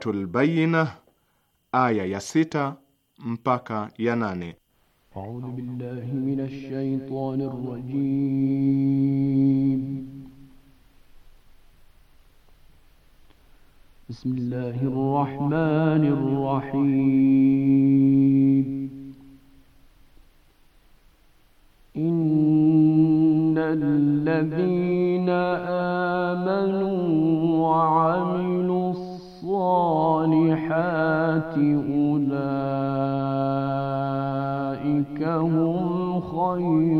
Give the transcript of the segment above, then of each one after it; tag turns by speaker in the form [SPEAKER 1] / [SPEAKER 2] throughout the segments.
[SPEAKER 1] Suratul Bayyina aya ya sita mpaka ya nane.
[SPEAKER 2] أولئك هم خير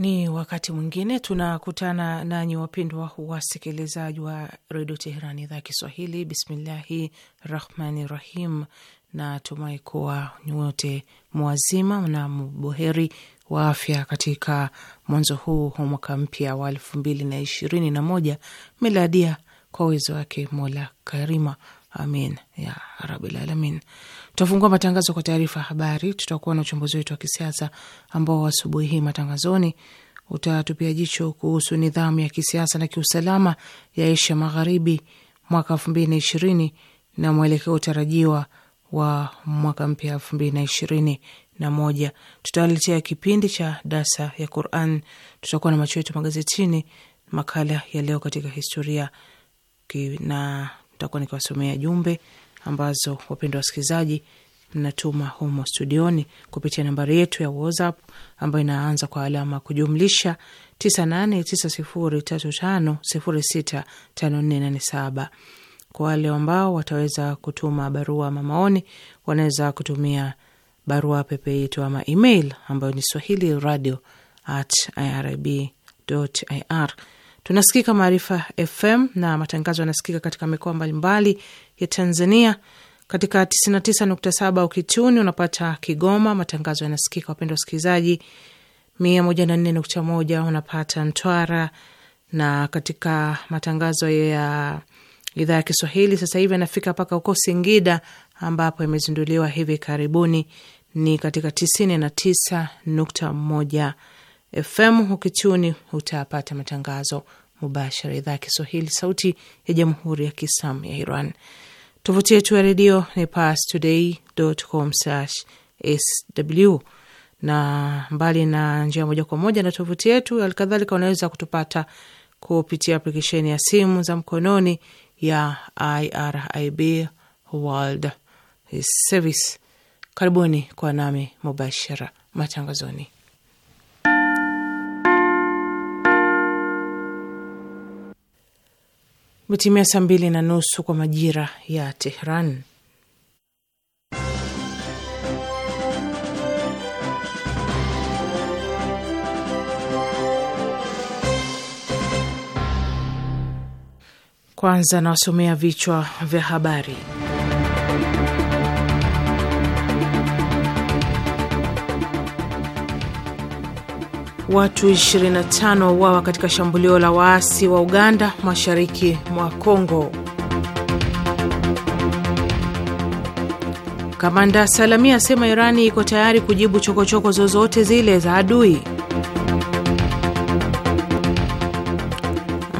[SPEAKER 3] Ni wakati mwingine tunakutana nanyi wapendwa wasikilizaji wa redio Teheran, idhaa ya Kiswahili. Bismillahi rahmani rahim, na tumai kuwa nyote mwazima na mboheri wa afya katika mwanzo huu wa mwaka mpya wa elfu mbili na ishirini na moja miladia, kwa uwezo wake Mola Karima, amin ya rabilalamin. Tutafungua matangazo kwa taarifa ya habari. Tutakuwa na uchambuzi wetu wa kisiasa ambao asubuhi hii matangazoni utatupia jicho kuhusu nidhamu ya kisiasa na kiusalama ya Asia Magharibi mwaka elfu mbili na ishirini na mwelekeo utarajiwa wa mwaka mpya elfu mbili na ishirini na moja. Tutawaletea kipindi cha dasa ya Quran, tutakuwa na macho yetu magazetini, makala ya leo katika historia na tutakuwa nikiwasomea jumbe ambazo wapendwa wasikilizaji mnatuma humo studioni kupitia nambari yetu ya WhatsApp ambayo inaanza kwa alama kujumlisha 989035065487. Kwa wale ambao wataweza kutuma barua mamaoni wanaweza kutumia barua pepe yetu ama email ambayo ni swahili radio at irib ir. Tunasikika Maarifa FM na matangazo yanasikika katika mikoa mbalimbali ya Tanzania katika 99.7 ukichuni unapata Kigoma, matangazo yanasikika wapendwa wasikilizaji. 104.1 unapata Mtwara, na katika matangazo ya idhaa ya Kiswahili sasa hivi anafika mpaka huko Singida ambapo imezinduliwa hivi karibuni, ni katika 99.1 FM. Ukichuni utapata matangazo mubashara idhaa ya Kiswahili, sauti ya jamhuri ya Kiislamu ya Iran. Tovuti yetu ya redio ni pastoday.com/sw, na mbali na njia moja kwa moja na tovuti yetu, alikadhalika unaweza kutupata kupitia aplikesheni ya simu za mkononi ya IRIB World Service. Karibuni kwa nami mubashara matangazoni. metimia saa mbili na nusu kwa majira ya Tehran. Kwanza nawasomea vichwa vya habari. Watu 25 wawa katika shambulio la waasi wa Uganda mashariki mwa Kongo. Kamanda Salami asema Irani iko tayari kujibu chokochoko zozote zile za adui.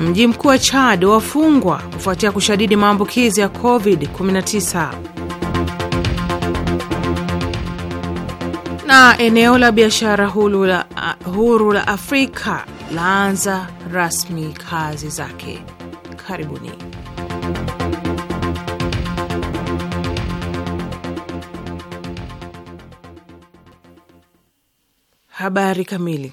[SPEAKER 3] Mji mkuu wa Chad wafungwa kufuatia kushadidi maambukizi ya COVID-19. Na eneo la biashara huru la, huru la Afrika laanza rasmi kazi zake. Karibuni. Habari kamili.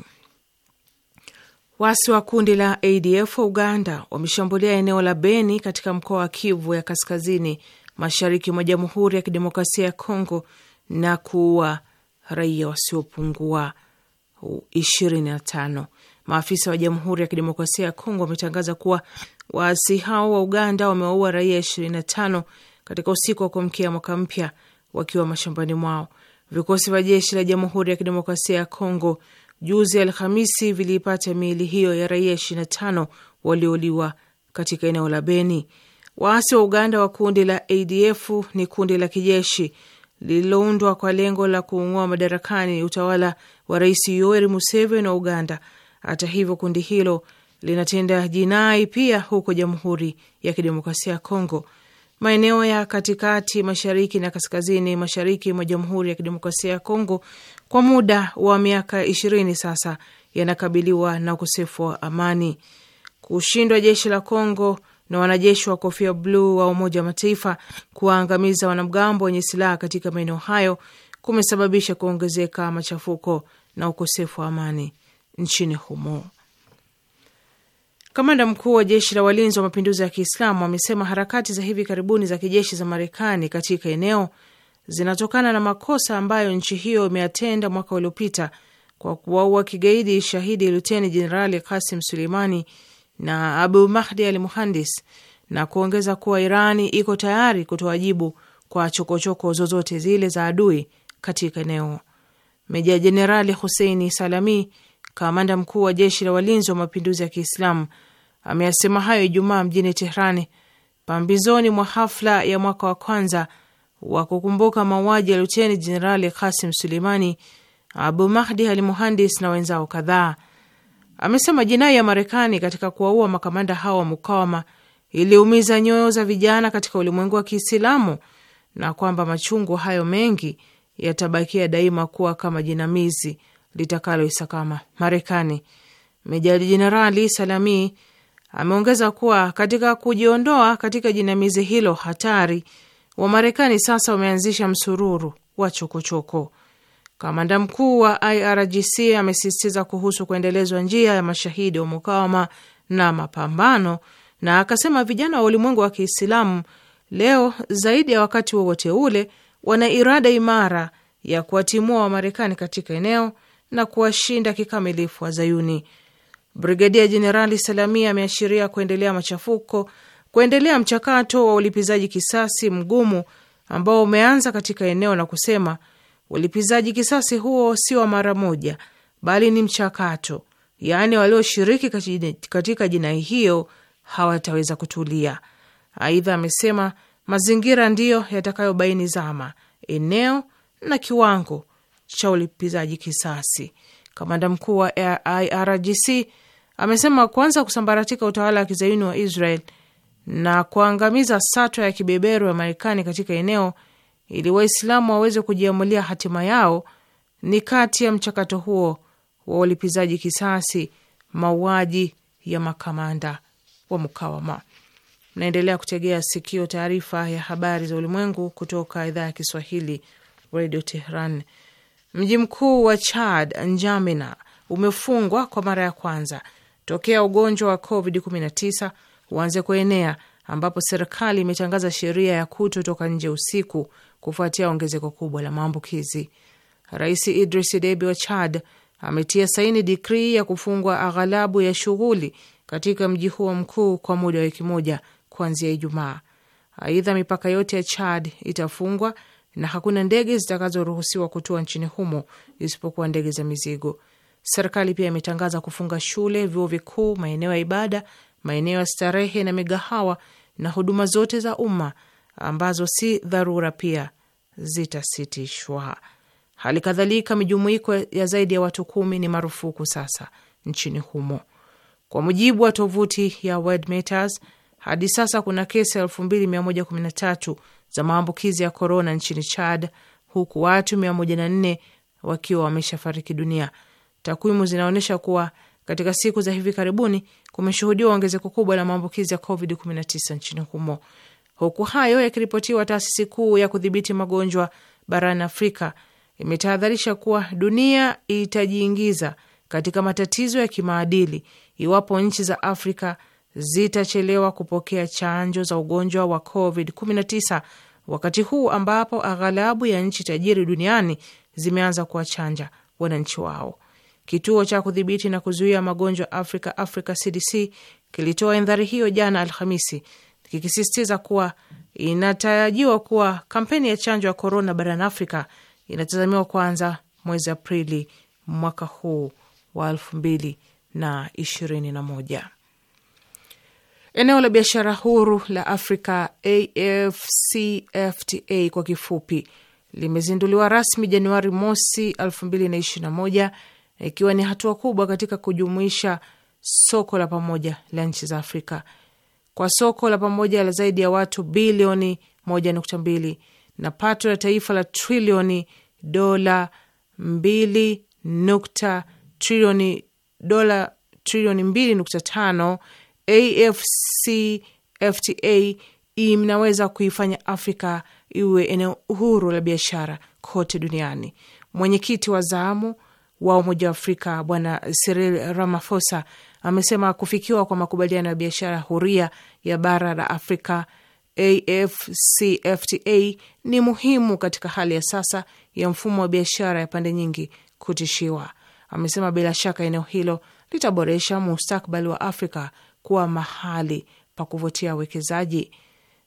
[SPEAKER 3] Wasi wa kundi la ADF wa Uganda wameshambulia eneo la Beni katika mkoa wa Kivu ya kaskazini mashariki mwa Jamhuri ya Kidemokrasia ya Kongo na kuua raia wasiopungua ishirini na tano. Maafisa wa Jamhuri ya Kidemokrasia ya Kongo wametangaza kuwa waasi hao wa Uganda wamewaua raia ishirini na tano katika usiku wa kuamkia mwaka mpya wakiwa mashambani mwao. Vikosi vya jeshi la Jamhuri ya Kidemokrasia ya Kongo juzi Alhamisi viliipata miili hiyo ya raia 25 waliouliwa katika eneo la Beni. Waasi wa Uganda wa kundi la ADF ni kundi la kijeshi lililoundwa kwa lengo la kuung'oa madarakani utawala wa Rais Yoweri Museveni wa Uganda. Hata hivyo, kundi hilo linatenda jinai pia huko Jamhuri ya Kidemokrasia ya Kongo. Maeneo ya katikati, mashariki na kaskazini mashariki mwa Jamhuri ya Kidemokrasia ya Kongo kwa muda wa miaka ishirini sasa yanakabiliwa na ukosefu wa amani. Kushindwa jeshi la Kongo na wanajeshi wa kofia bluu wa Umoja wa Mataifa kuwaangamiza wanamgambo wenye silaha katika maeneo hayo kumesababisha kuongezeka machafuko na ukosefu wa amani nchini humo. Kamanda mkuu wa jeshi la walinzi wa mapinduzi ya Kiislamu amesema harakati za hivi karibuni za kijeshi za Marekani katika eneo zinatokana na makosa ambayo nchi hiyo imeyatenda mwaka uliopita kwa kuwaua kigaidi shahidi luteni jenerali Kasim Suleimani na Abu Mahdi al Muhandis na kuongeza kuwa Irani iko tayari kutoa jibu kwa chokochoko zozote zile za adui katika eneo. Meja Jenerali Huseini Salami, kamanda mkuu wa jeshi la walinzi wa mapinduzi ya Kiislamu, ameyasema hayo Ijumaa mjini Tehrani, pambizoni mwa hafla ya mwaka wa kwanza wa kukumbuka mauaji ya Luteni Jenerali Kasim Suleimani. Abu Mahdi al Muhandis na wenzao kadhaa amesema jinai ya Marekani katika kuwaua makamanda hao wa mukawama iliumiza nyoyo za vijana katika ulimwengu wa Kiislamu na kwamba machungu hayo mengi yatabakia daima kuwa kama jinamizi litakaloisakama Marekani. Mejali Jenerali Salami ameongeza kuwa katika kujiondoa katika jinamizi hilo hatari, Wamarekani sasa wameanzisha msururu wa chokochoko choko. Kamanda mkuu wa IRGC amesisitiza kuhusu kuendelezwa njia ya mashahidi wa mukawama na mapambano, na akasema vijana wa ulimwengu wa Kiislamu leo zaidi ya wakati wowote ule wana irada imara ya kuwatimua Wamarekani katika eneo na kuwashinda kikamilifu Wazayuni. Brigedia Jenerali Salamia ameashiria kuendelea machafuko, kuendelea mchakato wa ulipizaji kisasi mgumu ambao umeanza katika eneo na kusema Ulipizaji kisasi huo si wa mara moja, bali ni mchakato, yaani walioshiriki katika jinai hiyo hawataweza kutulia. Aidha amesema mazingira ndiyo yatakayobaini zama, eneo na kiwango cha ulipizaji kisasi. Kamanda mkuu wa IRGC amesema kwanza kusambaratika utawala wa kizayuni wa Israel na kuangamiza satwa ya kibeberu ya Marekani katika eneo ili Waislamu waweze kujiamulia hatima yao ni kati ya mchakato huo wa ulipizaji kisasi mauaji ya makamanda wa mukawama. Naendelea kutegea sikio taarifa ya habari za ulimwengu kutoka idhaa ya Kiswahili Radio Tehran. Mji mkuu wa Chad, Njamena, umefungwa kwa mara ya kwanza tokea ugonjwa wa COVID-19 uanze kuenea, ambapo serikali imetangaza sheria ya kutotoka nje usiku kufuatia ongezeko kubwa la maambukizi. Rais Idris Deby wa Chad ametia saini dikrii ya kufungwa aghalabu ya shughuli katika mji huo mkuu kwa muda wa wiki moja kuanzia Ijumaa. Aidha, mipaka yote ya Chad itafungwa na hakuna ndege zitakazoruhusiwa kutua nchini humo isipokuwa ndege za mizigo. Serikali pia imetangaza kufunga shule, vyuo vikuu, maeneo ya ibada, maeneo ya starehe na migahawa na huduma zote za umma ambazo si dharura pia zitasitishwa. Hali kadhalika, mijumuiko ya zaidi ya watu kumi ni marufuku sasa nchini humo. Kwa mujibu wa tovuti ya World Matters, hadi sasa kuna kesi 2113 za maambukizi ya korona nchini Chad, huku watu 104 wakiwa wameshafariki dunia. Takwimu zinaonyesha kuwa katika siku za hivi karibuni kumeshuhudiwa ongezeko kubwa la maambukizi ya COVID-19 nchini humo. Huku hayo yakiripotiwa, taasisi kuu ya kudhibiti magonjwa barani Afrika imetahadharisha kuwa dunia itajiingiza katika matatizo ya kimaadili iwapo nchi za Afrika zitachelewa kupokea chanjo za ugonjwa wa COVID-19 wakati huu ambapo aghalabu ya nchi tajiri duniani zimeanza kuwachanja wananchi wao. Kituo cha kudhibiti na kuzuia magonjwa Afrika, Africa CDC, kilitoa indhari hiyo jana Alhamisi kikisisitiza kuwa inatarajiwa kuwa kampeni ya chanjo ya korona barani Afrika inatazamiwa kuanza mwezi Aprili mwaka huu wa elfu mbili na ishirini na moja. Eneo la biashara huru la Afrika AfCFTA kwa kifupi limezinduliwa rasmi Januari mosi 2021 ikiwa ni hatua kubwa katika kujumuisha soko la pamoja la nchi za Afrika kwa soko la pamoja la zaidi ya watu bilioni 1.2 na pato la taifa la trilioni dola 2 nukta trilioni dola trilioni 2.5. AfCFTA inaweza kuifanya Afrika iwe eneo huru la biashara kote duniani. Mwenyekiti wa zamu wa Umoja wa Afrika Bwana Cyril Ramaphosa amesema kufikiwa kwa makubaliano ya biashara huria ya bara la Afrika AfCFTA ni muhimu katika hali ya sasa ya mfumo wa biashara ya pande nyingi kutishiwa. Amesema bila shaka eneo hilo litaboresha mustakbali wa Afrika kuwa mahali pa kuvutia wekezaji.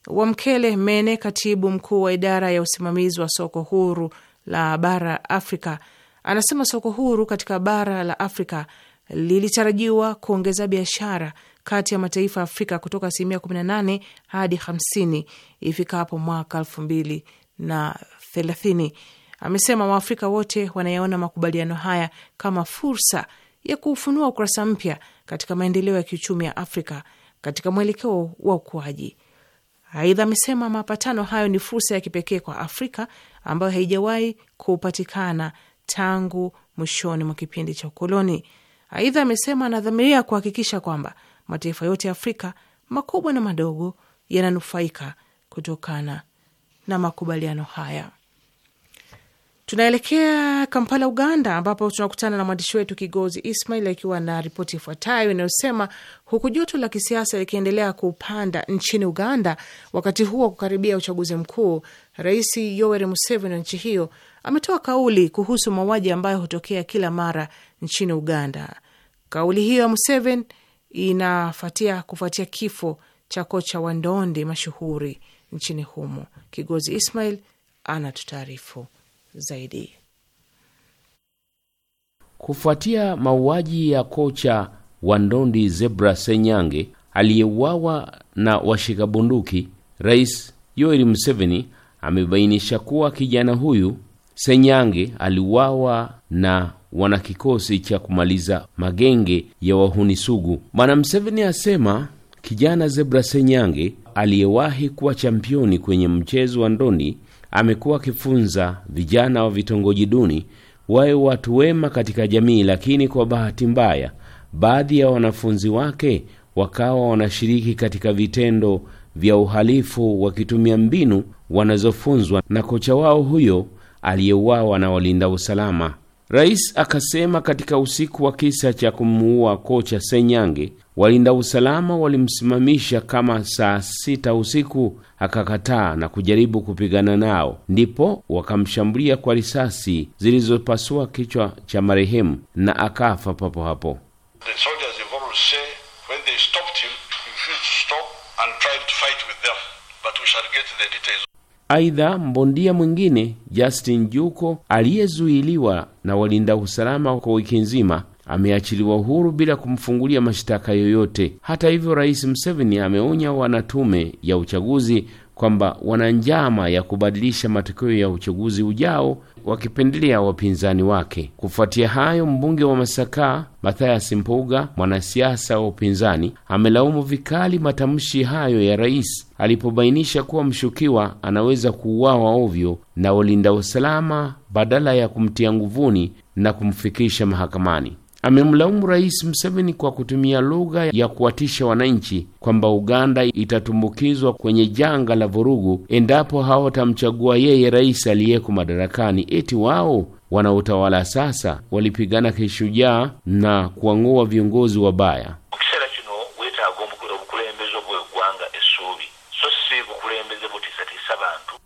[SPEAKER 3] Wamkele Mene, katibu mkuu wa idara ya usimamizi wa soko huru la bara Afrika, anasema soko huru katika bara la Afrika lilitarajiwa kuongeza biashara kati ya mataifa ya Afrika kutoka asilimia 18 hadi 50 ifikapo mwaka elfu mbili na thelathini. Amesema Waafrika wote wanayaona makubaliano haya kama fursa ya kuufunua ukurasa mpya katika maendeleo ya kiuchumi ya Afrika katika mwelekeo wa ukuaji. Aidha, amesema mapatano hayo ni fursa ya kipekee kwa Afrika ambayo haijawahi kupatikana tangu mwishoni mwa kipindi cha ukoloni. Aidha, amesema anadhamiria kuhakikisha kwamba mataifa yote ya Afrika makubwa na madogo yananufaika kutokana na makubaliano haya. Tunaelekea Kampala, Uganda, ambapo tunakutana na mwandishi wetu Kigozi Ismail akiwa na ripoti ifuatayo inayosema huku joto la kisiasa likiendelea kupanda nchini Uganda wakati huu wa kukaribia uchaguzi mkuu, Rais Yoweri Museveni wa nchi hiyo ametoa kauli kuhusu mauaji ambayo hutokea kila mara nchini Uganda. Kauli hiyo ya Museveni inafuatia kufuatia kifo cha kocha wa ndondi mashuhuri nchini humo. Kigozi Ismail anatutaarifu zaidi.
[SPEAKER 1] Kufuatia mauaji ya kocha wa ndondi Zebra Senyange aliyeuawa na washika bunduki, Rais Yoweri Museveni amebainisha kuwa kijana huyu Senyange aliuawa na wana kikosi cha kumaliza magenge ya wahuni sugu. Bwana Mseveni asema kijana Zebra Senyange aliyewahi kuwa championi kwenye mchezo wa ndoni amekuwa akifunza vijana wa vitongoji duni wawe watu wema katika jamii, lakini kwa bahati mbaya baadhi ya wanafunzi wake wakawa wanashiriki katika vitendo vya uhalifu wakitumia mbinu wanazofunzwa na kocha wao huyo aliyeuawa na walinda usalama. Rais akasema katika usiku wa kisa cha kumuua kocha Senyange, walinda usalama walimsimamisha kama saa sita usiku, akakataa na kujaribu kupigana nao, ndipo wakamshambulia kwa risasi zilizopasua kichwa cha marehemu na akafa papo hapo. Aidha, mbondia mwingine Justin Juko aliyezuiliwa na walinda usalama kwa wiki nzima ameachiliwa huru bila kumfungulia mashtaka yoyote. Hata hivyo, Rais Museveni ameonya wanatume ya uchaguzi kwamba wana njama ya kubadilisha matokeo ya uchaguzi ujao wakipendelea wapinzani wake. Kufuatia hayo, mbunge wa Masaka Mathayas Mpuga, mwanasiasa wa upinzani, amelaumu vikali matamshi hayo ya rais alipobainisha kuwa mshukiwa anaweza kuuawa ovyo na walinda usalama badala ya kumtia nguvuni na kumfikisha mahakamani amemlaumu Rais Museveni kwa kutumia lugha ya kuwatisha wananchi kwamba Uganda itatumbukizwa kwenye janga la vurugu endapo hawatamchagua yeye rais aliyeko madarakani, eti wao wanaotawala sasa walipigana kishujaa na kuang'oa viongozi wabaya.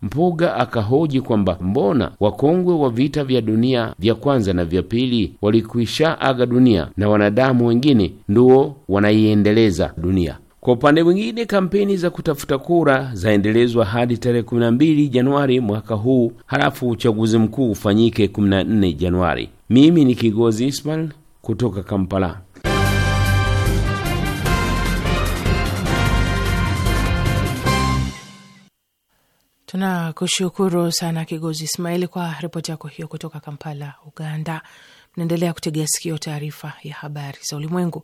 [SPEAKER 1] Mpuga akahoji kwamba mbona wakongwe wa vita vya dunia vya kwanza na vya pili walikwisha aga dunia na wanadamu wengine ndio wanaiendeleza dunia. Kwa upande mwingine, kampeni za kutafuta kura zaendelezwa hadi tarehe 12 Januari mwaka huu, halafu uchaguzi mkuu ufanyike 14 Januari. Mimi ni Kigozi Ismail kutoka Kampala.
[SPEAKER 3] Tunakushukuru sana Kigozi Ismaili kwa ripoti yako hiyo kutoka Kampala, Uganda. Mnaendelea kutegea sikio taarifa ya habari za ulimwengu.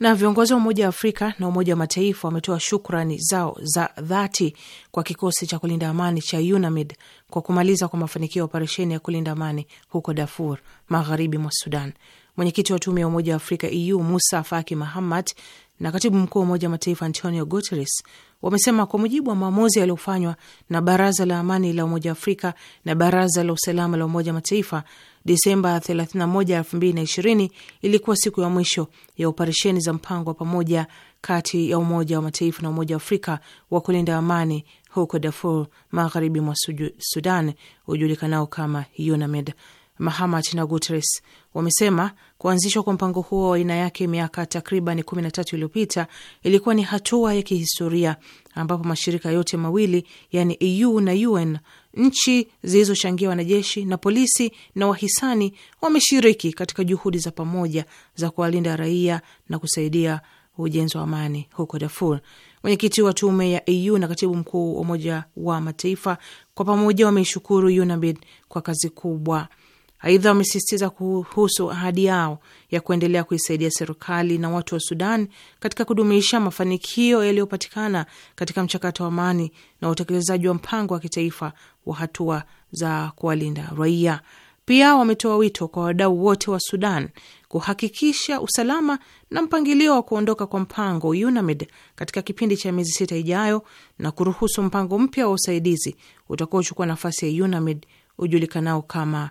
[SPEAKER 3] Na viongozi wa Umoja wa Afrika na Umoja wa Mataifa wametoa shukrani zao za dhati kwa kikosi cha kulinda amani cha UNAMID kwa kumaliza kwa mafanikio ya operesheni ya kulinda amani huko Darfur, magharibi mwa Sudan. Mwenyekiti wa Tume ya Umoja wa Afrika EU Musa Faki Mahamat na katibu mkuu wa Umoja wa Mataifa Antonio Guterres wamesema kwa mujibu wa maamuzi yaliyofanywa na Baraza la Amani la Umoja wa Afrika na Baraza la Usalama la Umoja Mataifa, Disemba 31, 2020 ilikuwa siku ya mwisho ya operesheni za mpango wa pamoja kati ya Umoja wa Mataifa na Umoja wa Afrika wa kulinda amani huko Darfur, magharibi mwa Sudan, hujulikanao kama UNAMID. Mahamat na guteres wamesema kuanzishwa kwa mpango huo wa aina yake miaka takriban 13 iliyopita ilikuwa ni hatua ya kihistoria ambapo mashirika yote mawili yani EU na UN, nchi zilizochangia wanajeshi na polisi na wahisani, wameshiriki katika juhudi za pamoja za kuwalinda raia na kusaidia ujenzi wa amani huko Darfur. Mwenyekiti wa tume ya EU na katibu mkuu wa Umoja wa Mataifa kwa pamoja wameishukuru UNAMID kwa kazi kubwa Aidha, wamesisitiza kuhusu ahadi yao ya kuendelea kuisaidia serikali na watu wa Sudan katika kudumisha mafanikio yaliyopatikana katika mchakato wa amani na utekelezaji wa mpango wa kitaifa wa hatua za kuwalinda raia. Pia wametoa wito kwa wadau wote wa Sudan kuhakikisha usalama na mpangilio wa kuondoka kwa mpango UNAMID katika kipindi cha miezi sita ijayo na kuruhusu mpango mpya wa usaidizi utakaochukua nafasi ya UNAMID ujulikanao kama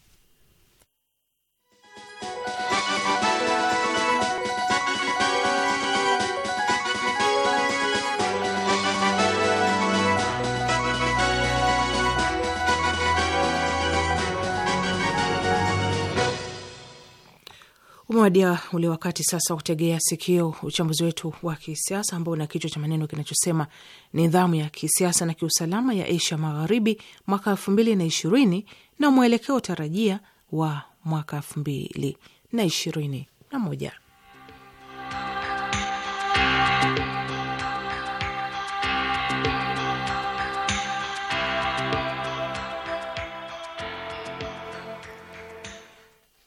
[SPEAKER 3] Umewadia ule wakati sasa kutegea sikio uchambuzi wetu wa kisiasa ambao una kichwa cha maneno kinachosema nidhamu ya kisiasa na kiusalama ya Asia Magharibi mwaka elfu mbili na ishirini na mwelekeo tarajia wa mwaka elfu mbili na ishirini na moja.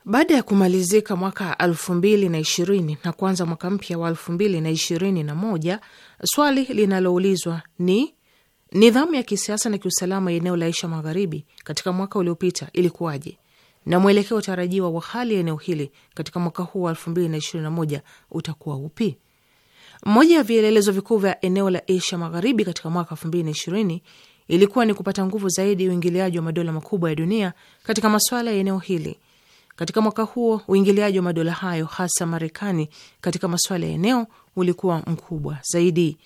[SPEAKER 3] Baada ya kumalizika mwaka elfu mbili na ishirini na kuanza mwaka mpya wa elfu mbili na ishirini na moja swali linaloulizwa ni nidhamu ya kisiasa na kiusalama ya eneo la Asia Magharibi katika mwaka uliopita ilikuwaje na mwelekeo utarajiwa wa hali ya eneo hili katika mwaka huu wa elfu mbili na ishirini na moja utakuwa upi? Moja ya vielelezo vikuu vya eneo la Asia Magharibi katika mwaka elfu mbili na ishirini ilikuwa ni kupata nguvu zaidi uingiliaji wa madola makubwa ya dunia katika maswala ya eneo hili katika mwaka huo uingiliaji wa madola hayo hasa Marekani katika masuala ya eneo ulikuwa mkubwa zaidi.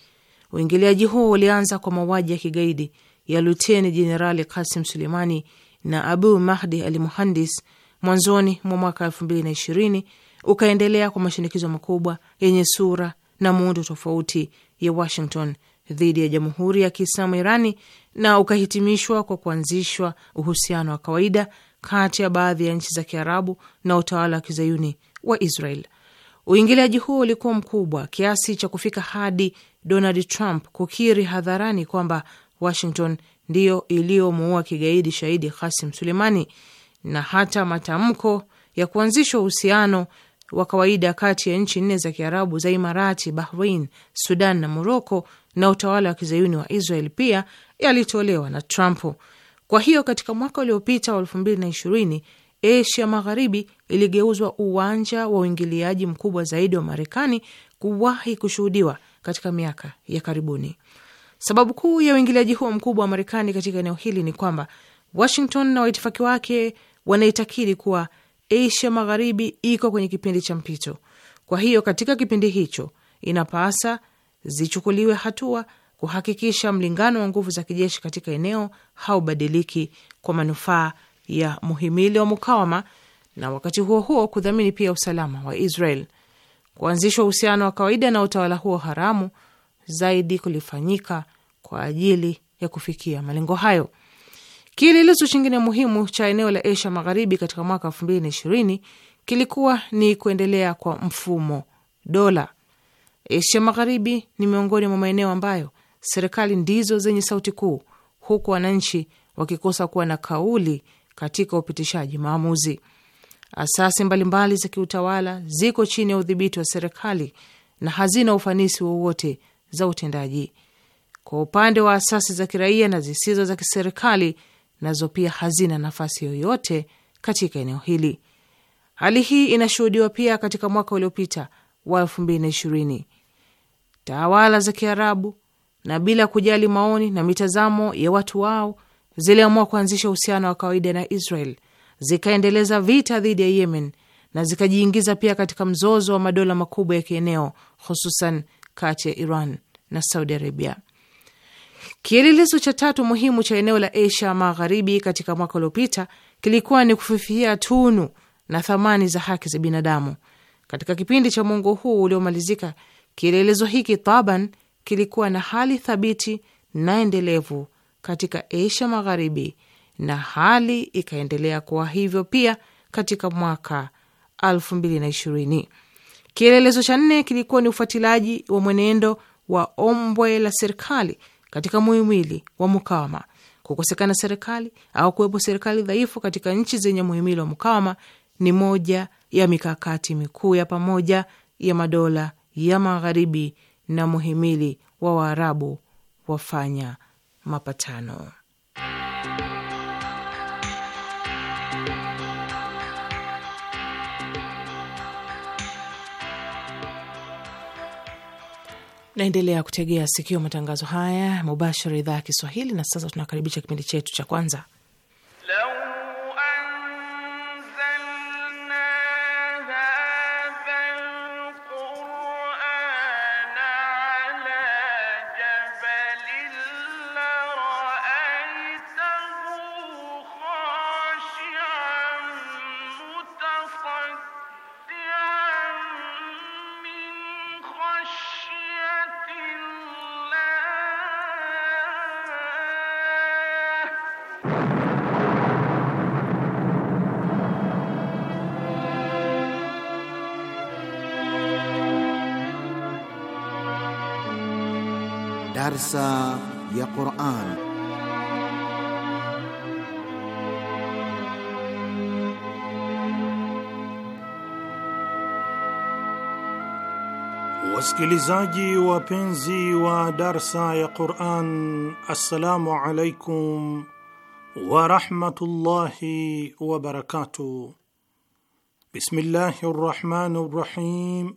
[SPEAKER 3] Uingiliaji huo ulianza kwa mauaji ya kigaidi ya luteni jenerali Kasim Suleimani na Abu Mahdi al Muhandis mwanzoni mwa mwaka elfu mbili na ishirini, ukaendelea kwa mashinikizo makubwa yenye sura na muundo tofauti ya Washington dhidi ya Jamhuri ya Kiislamu Irani na ukahitimishwa kwa kuanzishwa uhusiano wa kawaida kati ya baadhi ya nchi za Kiarabu na utawala wa kizayuni wa Israel. Uingiliaji huo ulikuwa mkubwa kiasi cha kufika hadi Donald Trump kukiri hadharani kwamba Washington ndiyo iliyomuua kigaidi shahidi Kasim Suleimani, na hata matamko ya kuanzishwa uhusiano wa kawaida kati ya nchi nne za Kiarabu za Imarati, Bahrain, Sudan na Moroko na utawala wa kizayuni wa Israel pia yalitolewa na Trump. Kwa hiyo katika mwaka uliopita wa elfu mbili na ishirini Asia Magharibi iligeuzwa uwanja wa uingiliaji mkubwa zaidi wa Marekani kuwahi kushuhudiwa katika miaka ya karibuni. Sababu kuu ya uingiliaji huo mkubwa wa Marekani katika eneo hili ni kwamba Washington na waitifaki wake wanaitakidi kuwa Asia Magharibi iko kwenye kipindi cha mpito. Kwa hiyo katika kipindi hicho inapasa zichukuliwe hatua kuhakikisha mlingano wa nguvu za kijeshi katika eneo haubadiliki kwa manufaa ya muhimili wa mukawama, na wakati huo huo kudhamini pia usalama wa Israel. Kuanzishwa uhusiano wa kawaida na utawala huo haramu zaidi kulifanyika kwa ajili ya kufikia malengo hayo. Kielelezo chingine muhimu cha eneo la Asia Magharibi katika mwaka elfu mbili na ishirini kilikuwa ni kuendelea kwa mfumo dola. Asia Magharibi ni miongoni mwa maeneo ambayo serikali ndizo zenye sauti kuu, huku wananchi wakikosa kuwa na kauli katika upitishaji maamuzi. Asasi mbalimbali za kiutawala ziko chini ya udhibiti wa serikali na hazina ufanisi wowote za utendaji. Kwa upande wa asasi za kiraia na zisizo za kiserikali, nazo pia hazina nafasi yoyote katika eneo hili. Hali hii inashuhudiwa pia katika mwaka uliopita wa elfu mbili na ishirini. Tawala za Kiarabu na bila kujali maoni na mitazamo ya watu wao ziliamua kuanzisha uhusiano wa kawaida na Israel, zikaendeleza vita dhidi ya Yemen na zikajiingiza pia katika mzozo wa madola makubwa ya kieneo, hususan kati ya Iran na Saudi Arabia. Kielelezo cha tatu muhimu cha eneo la Asia Magharibi katika mwaka uliopita kilikuwa ni kufifia tunu na thamani za haki za binadamu. Katika kipindi cha mwongo huu uliomalizika, kielelezo hiki taban kilikuwa na hali thabiti na endelevu katika Asia Magharibi, na hali ikaendelea kuwa hivyo pia katika mwaka 2020. Kielelezo cha nne kilikuwa ni ufuatiliaji wa mwenendo wa ombwe la serikali katika muhimili wa mukawama. Kukosekana serikali au kuwepo serikali dhaifu katika nchi zenye muhimili wa mukawama ni moja ya mikakati mikuu ya pamoja ya madola ya magharibi na muhimili wa Waarabu wafanya mapatano. Naendelea kutegea sikio matangazo haya mubashara, idhaa ya Kiswahili. Na sasa tunakaribisha kipindi chetu cha kwanza Leo.
[SPEAKER 4] Darsa ya Quran.
[SPEAKER 5] Wasikilizaji wapenzi wa Darsa ya Quran, assalamu alaikum wa rahmatullahi wa barakatuh. Bismillahi rahmani rahim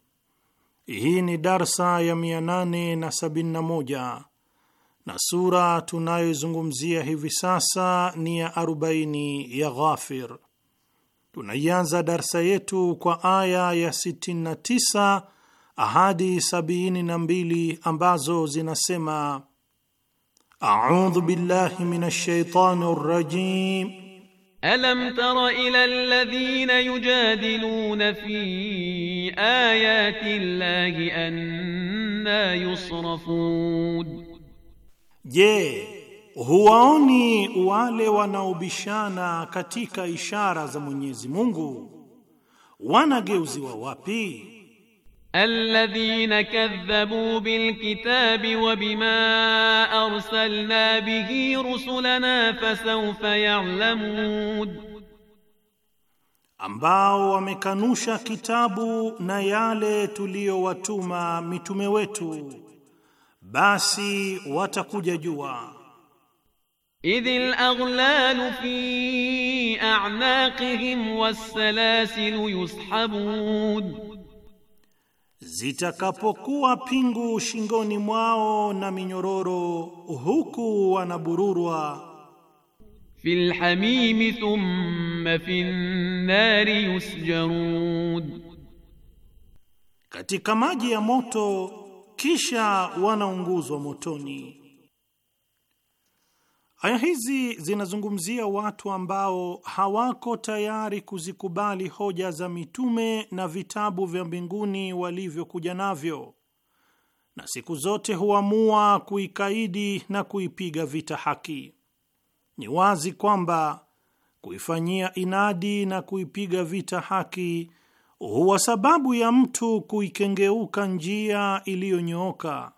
[SPEAKER 5] Hii ni darsa ya 871 na, na sura tunayozungumzia hivi sasa ni ya 40 ya Ghafir. Tunaianza darsa yetu kwa aya ya 69 hadi 72 ambazo zinasema: audhu billahi minash shaitani ألم تر إلى الذين
[SPEAKER 6] يجادلون fi آيات الله
[SPEAKER 5] أنا يصرفون Je, huwaoni wale wanaobishana katika ishara za Mwenyezi Mungu wanageuziwa wapi?
[SPEAKER 6] الذين كذبوا بالكتاب وبما أرسلنا به رسلنا فسوف
[SPEAKER 5] يعلمون ambao wamekanusha kitabu na yale tuliyowatuma mitume wetu, basi watakuja jua.
[SPEAKER 6] idhil aghlalu fi a'naqihim
[SPEAKER 5] was-salasil yushabun Zitakapokuwa pingu shingoni mwao na minyororo huku wanabururwa.
[SPEAKER 6] Fil hamim thumma fin nari
[SPEAKER 5] yusjarun, katika maji ya moto kisha wanaunguzwa motoni. Aya hizi zinazungumzia watu ambao hawako tayari kuzikubali hoja za mitume na vitabu vya mbinguni walivyokuja navyo, na siku zote huamua kuikaidi na kuipiga vita haki. Ni wazi kwamba kuifanyia inadi na kuipiga vita haki huwa sababu ya mtu kuikengeuka njia iliyonyooka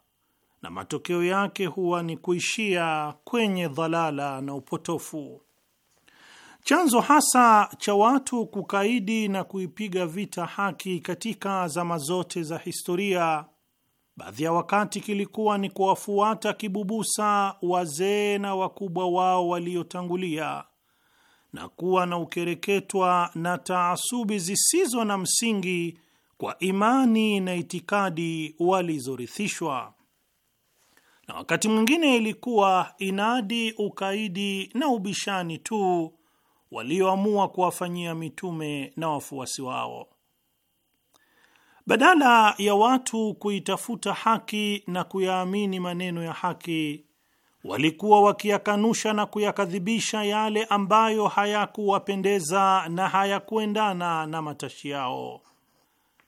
[SPEAKER 5] na matokeo yake huwa ni kuishia kwenye dhalala na upotofu. Chanzo hasa cha watu kukaidi na kuipiga vita haki katika zama zote za historia, baadhi ya wakati kilikuwa ni kuwafuata kibubusa wazee na wakubwa wao waliotangulia na kuwa na ukereketwa na taasubi zisizo na msingi kwa imani na itikadi walizorithishwa na wakati mwingine ilikuwa inadi, ukaidi na ubishani tu walioamua kuwafanyia mitume na wafuasi wao, badala ya watu kuitafuta haki na kuyaamini maneno ya haki walikuwa wakiyakanusha na kuyakadhibisha yale ambayo hayakuwapendeza na hayakuendana na matashi yao.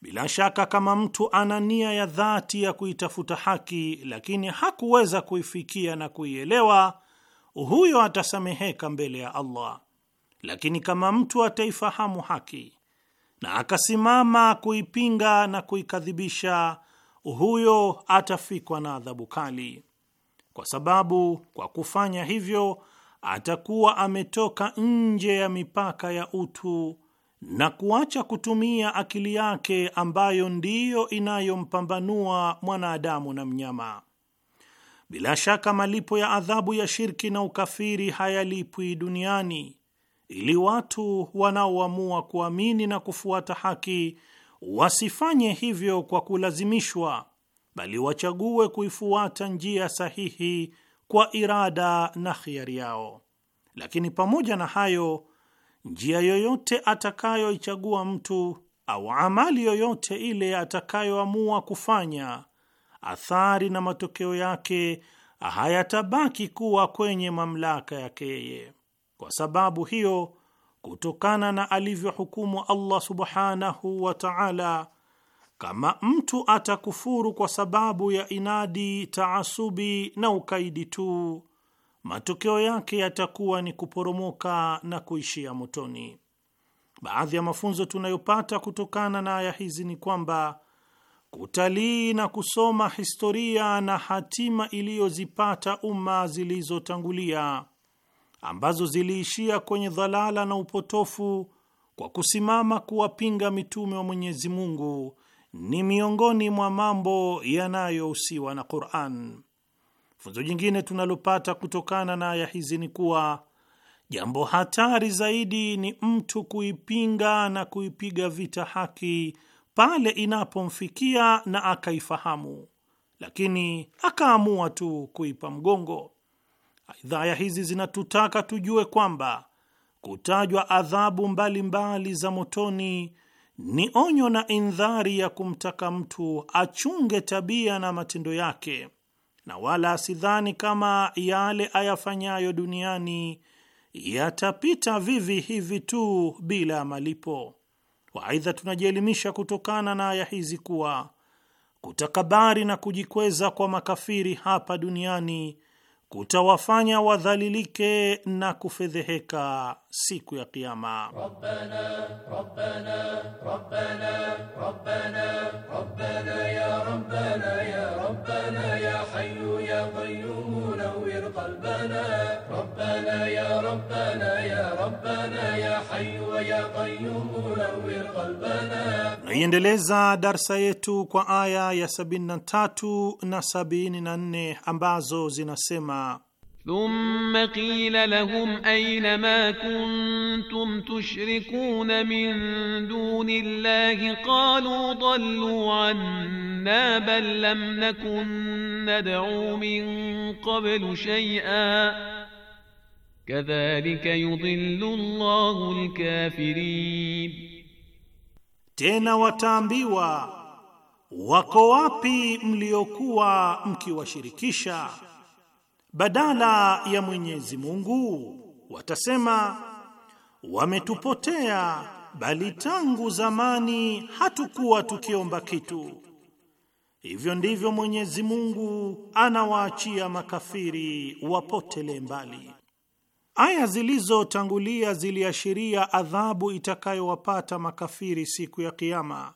[SPEAKER 5] Bila shaka kama mtu ana nia ya dhati ya kuitafuta haki lakini hakuweza kuifikia na kuielewa, huyo atasameheka mbele ya Allah. Lakini kama mtu ataifahamu haki na akasimama kuipinga na kuikadhibisha, huyo atafikwa na adhabu kali, kwa sababu kwa kufanya hivyo atakuwa ametoka nje ya mipaka ya utu na kuacha kutumia akili yake ambayo ndiyo inayompambanua mwanadamu na mnyama. Bila shaka malipo ya adhabu ya shirki na ukafiri hayalipwi duniani, ili watu wanaoamua kuamini na kufuata haki wasifanye hivyo kwa kulazimishwa, bali wachague kuifuata njia sahihi kwa irada na khiari yao. Lakini pamoja na hayo njia yoyote atakayoichagua mtu au amali yoyote ile atakayoamua kufanya, athari na matokeo yake hayatabaki kuwa kwenye mamlaka yake yeye. Kwa sababu hiyo, kutokana na alivyohukumu Allah subhanahu wa ta'ala, kama mtu atakufuru kwa sababu ya inadi, taasubi na ukaidi tu matokeo yake yatakuwa ni kuporomoka na kuishia motoni. Baadhi ya mafunzo tunayopata kutokana na aya hizi ni kwamba kutalii na kusoma historia na hatima iliyozipata umma zilizotangulia ambazo ziliishia kwenye dhalala na upotofu kwa kusimama kuwapinga mitume wa Mwenyezi Mungu ni miongoni mwa mambo yanayohusiwa na Qur'an. Funzo jingine tunalopata kutokana na aya hizi ni kuwa jambo hatari zaidi ni mtu kuipinga na kuipiga vita haki pale inapomfikia na akaifahamu, lakini akaamua tu kuipa mgongo. Aidha, aya hizi zinatutaka tujue kwamba kutajwa adhabu mbalimbali mbali za motoni ni onyo na indhari ya kumtaka mtu achunge tabia na matendo yake na wala sidhani kama yale ayafanyayo duniani yatapita vivi hivi tu bila ya malipo. Waaidha, tunajielimisha kutokana na aya hizi kuwa kutakabari na kujikweza kwa makafiri hapa duniani kutawafanya wadhalilike na kufedheheka siku ya Kiyama. Naiendeleza darsa yetu kwa aya ya 73 na 74 ambazo zinasema ثم قيل لهم أين ما كنتم تشركون من
[SPEAKER 6] دون الله قالوا ضلوا عنا بل لم نكن ندعو من قبل شيئا كذلك يضل الله الكافرين
[SPEAKER 5] تينا wataambiwa wako مليوكوا مكي وشركيشا badala ya Mwenyezi Mungu, watasema wametupotea, bali tangu zamani hatukuwa tukiomba kitu. Hivyo ndivyo Mwenyezi Mungu anawaachia makafiri wapotele mbali. Aya zilizotangulia ziliashiria adhabu itakayowapata makafiri siku ya Kiyama.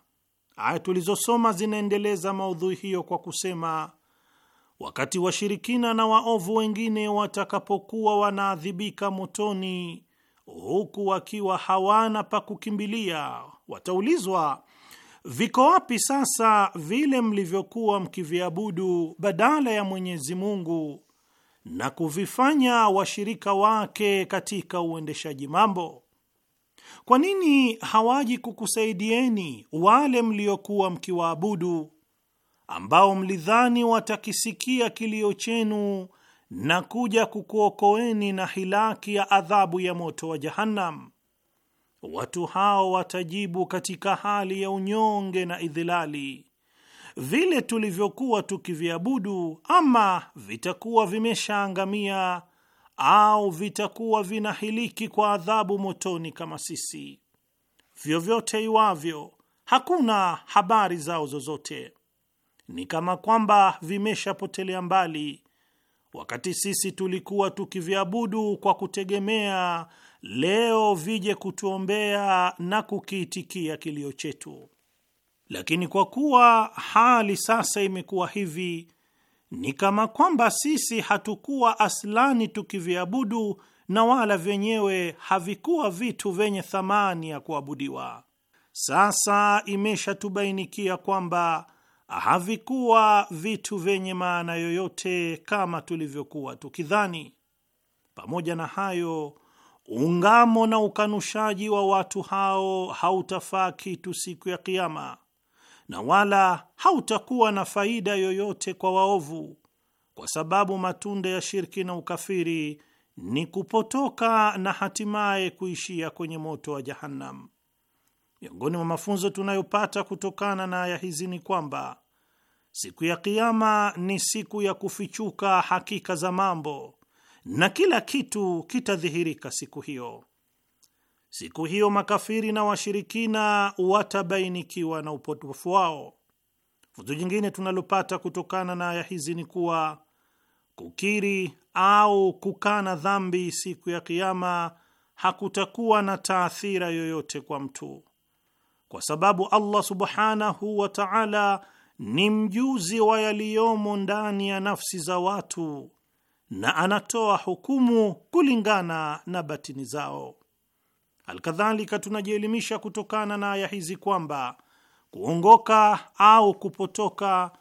[SPEAKER 5] Aya tulizosoma zinaendeleza maudhui hiyo kwa kusema Wakati washirikina na waovu wengine watakapokuwa wanaadhibika motoni, huku wakiwa hawana pa kukimbilia, wataulizwa, viko wapi sasa vile mlivyokuwa mkiviabudu badala ya Mwenyezi Mungu na kuvifanya washirika wake katika uendeshaji mambo? Kwa nini hawaji kukusaidieni wale mliokuwa mkiwaabudu ambao mlidhani watakisikia kilio chenu na kuja kukuokoeni na hilaki ya adhabu ya moto wa Jahannam. Watu hao watajibu katika hali ya unyonge na idhilali, vile tulivyokuwa tukiviabudu, ama vitakuwa vimeshaangamia au vitakuwa vinahiliki kwa adhabu motoni kama sisi. Vyovyote iwavyo, hakuna habari zao zozote ni kama kwamba vimeshapotelea mbali, wakati sisi tulikuwa tukiviabudu kwa kutegemea leo vije kutuombea na kukiitikia kilio chetu. Lakini kwa kuwa hali sasa imekuwa hivi, ni kama kwamba sisi hatukuwa aslani tukiviabudu na wala vyenyewe havikuwa vitu vyenye thamani ya kuabudiwa. Sasa imeshatubainikia kwamba havikuwa vitu vyenye maana yoyote kama tulivyokuwa tukidhani. Pamoja na hayo, ungamo na ukanushaji wa watu hao hautafaa kitu siku ya Kiama, na wala hautakuwa na faida yoyote kwa waovu, kwa sababu matunda ya shirki na ukafiri ni kupotoka na hatimaye kuishia kwenye moto wa Jahannam. Miongoni mwa mafunzo tunayopata kutokana na aya hizi ni kwamba siku ya Kiama ni siku ya kufichuka hakika za mambo na kila kitu kitadhihirika siku hiyo. Siku hiyo makafiri na washirikina watabainikiwa na upotofu wao. Funzo jingine tunalopata kutokana na aya hizi ni kuwa kukiri au kukana dhambi siku ya Kiama hakutakuwa na taathira yoyote kwa mtu kwa sababu Allah subhanahu wa ta'ala ni mjuzi wa yaliyomo ndani ya nafsi za watu na anatoa hukumu kulingana na batini zao. Alkadhalika, tunajielimisha kutokana na aya hizi kwamba kuongoka au kupotoka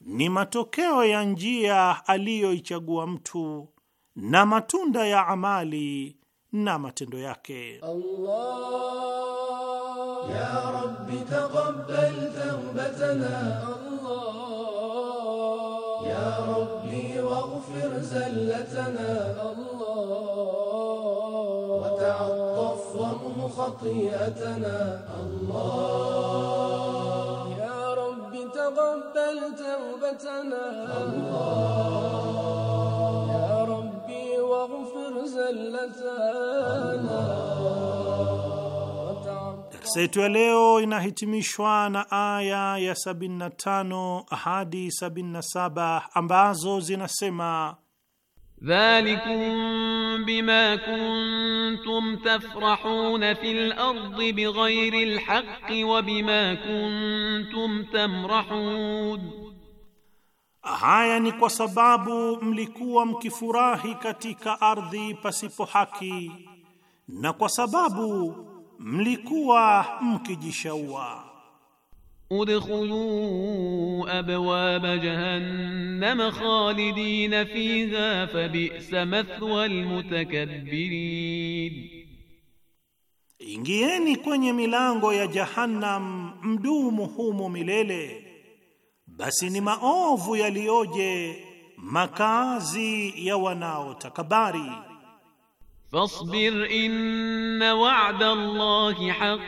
[SPEAKER 5] ni matokeo ya njia aliyoichagua mtu na matunda ya amali na matendo yake.
[SPEAKER 2] Allah,
[SPEAKER 7] ya Rabbi taqabbal tawbatana Allah, ya Rabbi waghfir
[SPEAKER 1] zallatana Allah, wa ta'attaf wamhu khati'atana
[SPEAKER 2] Allah, ya Rabbi taqabbal tawbatana Allah
[SPEAKER 5] Darsa yetu ya leo inahitimishwa na aya ya 75 hadi 77 ambazo zinasema Dhalikum bima kuntum tafrahuna fil ardi bighairi alhaqqi wa bima kuntum tamrahun Haya ni kwa sababu mlikuwa mkifurahi katika ardhi pasipo haki na kwa sababu mlikuwa mkijishaua. Udkhulu
[SPEAKER 6] abwaba jahannam khalidin fiha fabisa
[SPEAKER 5] ingieni kwenye milango ya Jahannam mdumu humo milele basi ni maovu yaliyoje makazi ya wanaotakabari. Fasbir inna wa'da Allahi haqq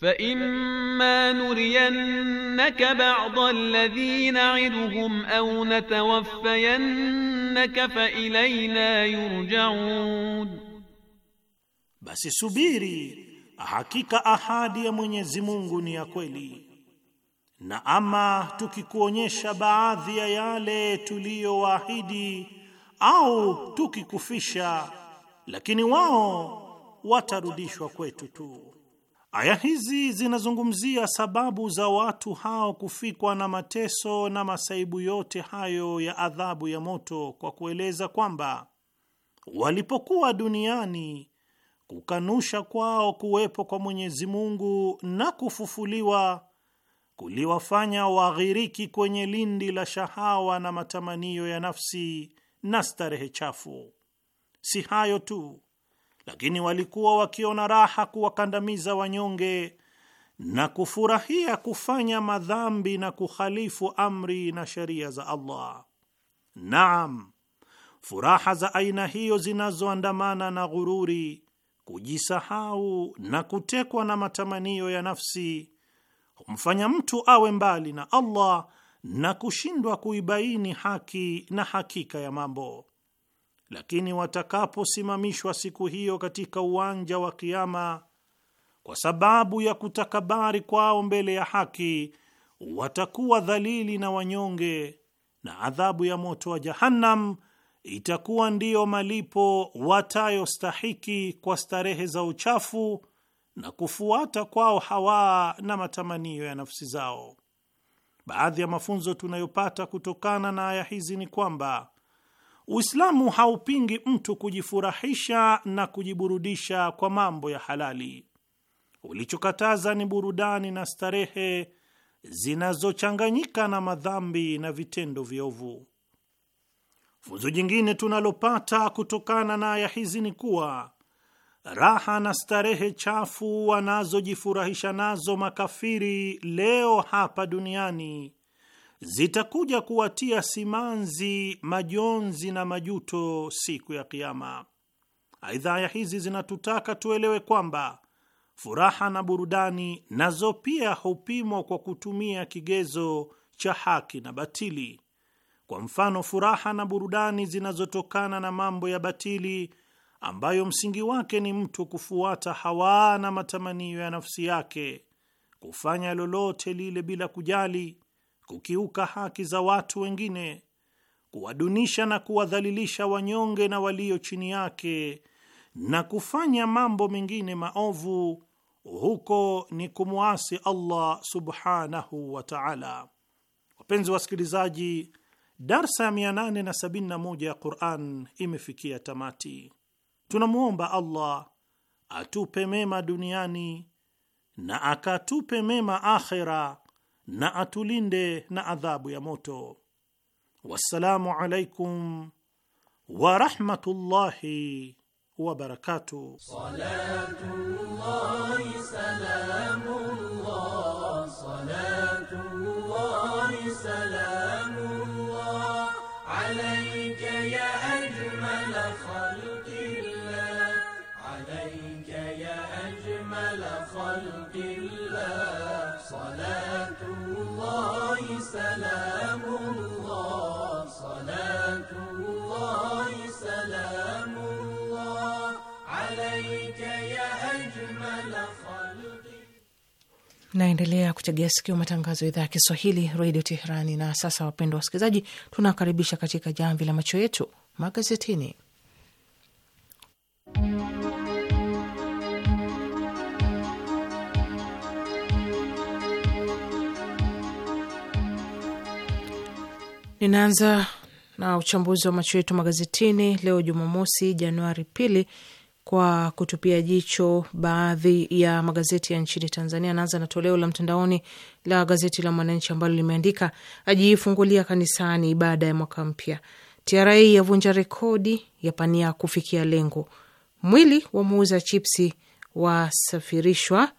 [SPEAKER 6] fa imma nuriyannaka ba'da alladhi na'iduhum aw natawaffayannaka fa ilayna
[SPEAKER 5] yurja'un, basi subiri, hakika ahadi ya Mwenyezi Mungu ni ya kweli na ama tukikuonyesha baadhi ya yale tuliyowaahidi au tukikufisha, lakini wao watarudishwa kwetu tu. Aya hizi zinazungumzia sababu za watu hao kufikwa na mateso na masaibu yote hayo ya adhabu ya moto, kwa kueleza kwamba walipokuwa duniani kukanusha kwao kuwepo kwa Mwenyezi Mungu na kufufuliwa kuliwafanya waghiriki kwenye lindi la shahawa na matamanio ya nafsi na starehe chafu. Si hayo tu, lakini walikuwa wakiona raha kuwakandamiza wanyonge na kufurahia kufanya madhambi na kukhalifu amri na sheria za Allah. Naam, furaha za aina hiyo zinazoandamana na ghururi, kujisahau na kutekwa na matamanio ya nafsi humfanya mtu awe mbali na Allah na kushindwa kuibaini haki na hakika ya mambo. Lakini watakaposimamishwa siku hiyo katika uwanja wa Kiama kwa sababu ya kutakabari kwao mbele ya haki, watakuwa dhalili na wanyonge, na adhabu ya moto wa Jahannam itakuwa ndiyo malipo watayostahiki kwa starehe za uchafu na kufuata kwao hawa na matamanio ya nafsi zao. Baadhi ya mafunzo tunayopata kutokana na aya hizi ni kwamba Uislamu haupingi mtu kujifurahisha na kujiburudisha kwa mambo ya halali. Ulichokataza ni burudani na starehe zinazochanganyika na madhambi na vitendo viovu. Funzo jingine tunalopata kutokana na aya hizi ni kuwa raha na starehe chafu wanazojifurahisha nazo makafiri leo hapa duniani zitakuja kuwatia simanzi, majonzi na majuto siku ya Kiama. Aidha, aya hizi zinatutaka tuelewe kwamba furaha na burudani nazo pia hupimwa kwa kutumia kigezo cha haki na batili. Kwa mfano, furaha na burudani zinazotokana na mambo ya batili ambayo msingi wake ni mtu kufuata hawa na matamanio ya nafsi yake, kufanya lolote lile bila kujali, kukiuka haki za watu wengine, kuwadunisha na kuwadhalilisha wanyonge na walio chini yake, na kufanya mambo mengine maovu, huko ni kumwasi Allah subhanahu wa ta'ala. Wapenzi wasikilizaji, darsa ya 871 ya Qur'an imefikia tamati. Tunamwomba Allah atupe mema duniani na akatupe mema akhera na atulinde na adhabu ya moto. Wassalamu alaikum wa rahmatullahi Salatullahi
[SPEAKER 7] salamu
[SPEAKER 3] Naendelea kutegea sikio matangazo ya idhaa ya Kiswahili redio Teherani. Na sasa, wapendwa wasikilizaji, tunakaribisha katika jamvi la macho yetu magazetini. Ninaanza na uchambuzi wa macho yetu magazetini leo Jumamosi, Januari pili, kwa kutupia jicho baadhi ya magazeti ya nchini Tanzania. Naanza na toleo la mtandaoni la gazeti la Mwananchi ambalo limeandika ajifungulia kanisani baada ya mwaka mpya, TRA yavunja rekodi, yapania kufikia lengo, mwili wa muuza chipsi wasafirishwa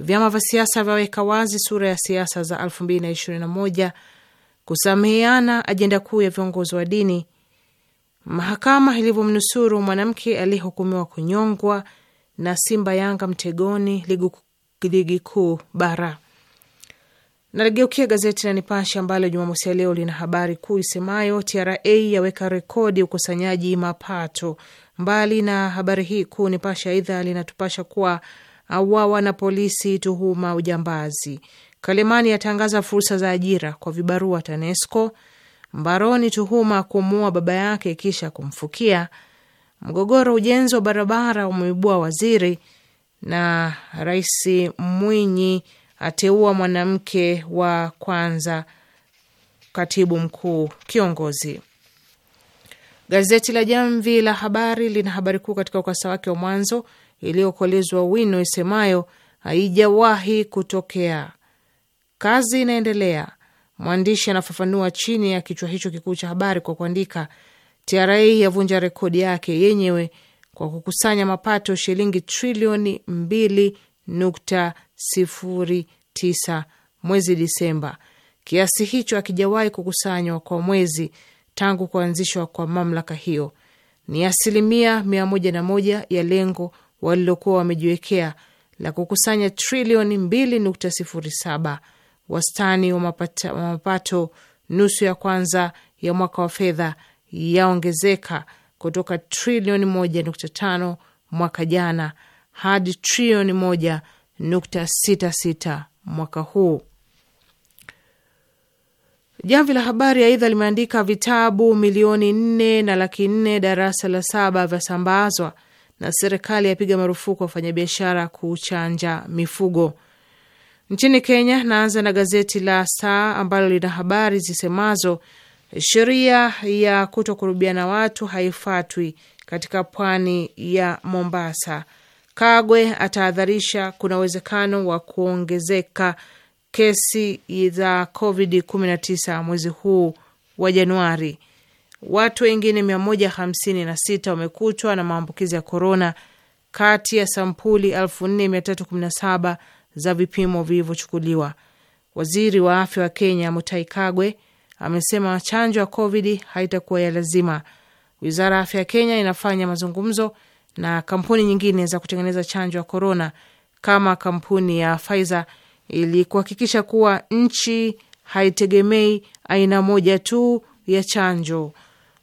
[SPEAKER 3] vyama vya siasa vyaweka wazi sura ya siasa za elfu mbili na ishirini na moja kusameheana, ajenda kuu ya viongozi wa dini, mahakama ilivyomnusuru mwanamke aliyehukumiwa kunyongwa, na Simba Yanga mtegoni ligi kuu bara. Naligeukia gazeti la Nipashe ambalo Jumamosi ya leo lina habari kuu isemayo TRA yaweka rekodi ukusanyaji mapato. Mbali na habari hii kuu, Nipashe aidha linatupasha kuwa auawa na polisi tuhuma ujambazi. Kalemani atangaza fursa za ajira kwa vibarua TANESCO. Mbaroni tuhuma kumuua baba yake kisha kumfukia. Mgogoro ujenzi wa barabara umeibua waziri, na Rais Mwinyi ateua mwanamke wa kwanza katibu mkuu kiongozi. Gazeti la Jamvi la Habari lina habari kuu katika ukurasa wake wa mwanzo iliyokolezwa wino isemayo haijawahi kutokea. Kazi inaendelea. Mwandishi anafafanua chini ya kichwa hicho kikuu cha habari kwa kuandika, TRA yavunja rekodi yake yenyewe kwa kukusanya mapato shilingi trilioni 2.09 mwezi Disemba. Kiasi hicho hakijawahi kukusanywa kwa mwezi tangu kuanzishwa kwa mamlaka hiyo. Ni asilimia 101 ya lengo walilokuwa wamejiwekea la kukusanya trilioni 2.07 wastani wa mapato, mapato nusu ya kwanza ya mwaka wa fedha yaongezeka kutoka trilioni moja nukta tano mwaka jana hadi trilioni moja nukta sita sita mwaka huu. Jamvi la Habari aidha limeandika vitabu milioni nne na laki nne darasa la saba vyasambazwa, na serikali yapiga marufuku wafanyabiashara kuchanja mifugo. Nchini Kenya, naanza na gazeti la Saa ambalo lina habari zisemazo sheria ya kutokurubiana watu haifatwi katika pwani ya Mombasa. Kagwe atahadharisha kuna uwezekano wa kuongezeka kesi za Covid 19 mwezi huu wa Januari. Watu wengine 156 wamekutwa na maambukizi ya korona kati ya sampuli 4317 za vipimo vilivyochukuliwa. Waziri wa afya wa Kenya Mutai Kagwe amesema chanjo ya Covid haitakuwa ya lazima. Wizara ya afya ya Kenya inafanya mazungumzo na kampuni nyingine za kutengeneza chanjo ya korona kama kampuni ya Pfizer ili kuhakikisha kuwa nchi haitegemei aina moja tu ya chanjo.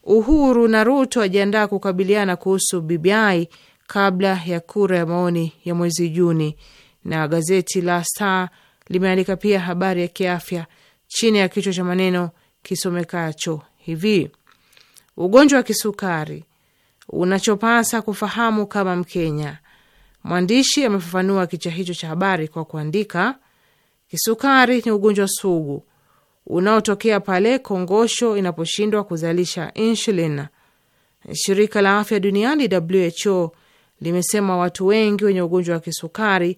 [SPEAKER 3] Uhuru na Ruto ajiandaa kukabiliana kuhusu BBI kabla ya kura ya maoni ya mwezi Juni na gazeti la Star limeandika pia habari ya kiafya chini ya kichwa cha maneno kisomekacho hivi: ugonjwa wa kisukari unachopasa kufahamu kama Mkenya. Mwandishi amefafanua kichwa hicho cha habari kwa kuandika, kisukari ni ugonjwa sugu unaotokea pale kongosho inaposhindwa kuzalisha insulin. Shirika la afya duniani WHO limesema watu wengi wenye ugonjwa wa kisukari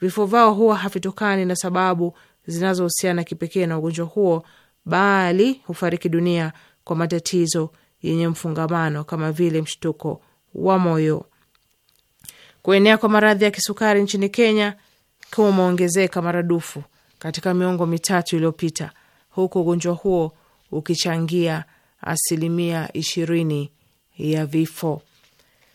[SPEAKER 3] Vifo vao huwa havitokani na sababu zinazohusiana kipekee na ugonjwa huo, bali hufariki dunia kwa matatizo yenye mfungamano kama vile mshtuko wa moyo. Kuenea kwa maradhi ya kisukari nchini Kenya kumeongezeka maradufu katika miongo mitatu iliyopita, huku ugonjwa huo ukichangia asilimia ishirini ya vifo.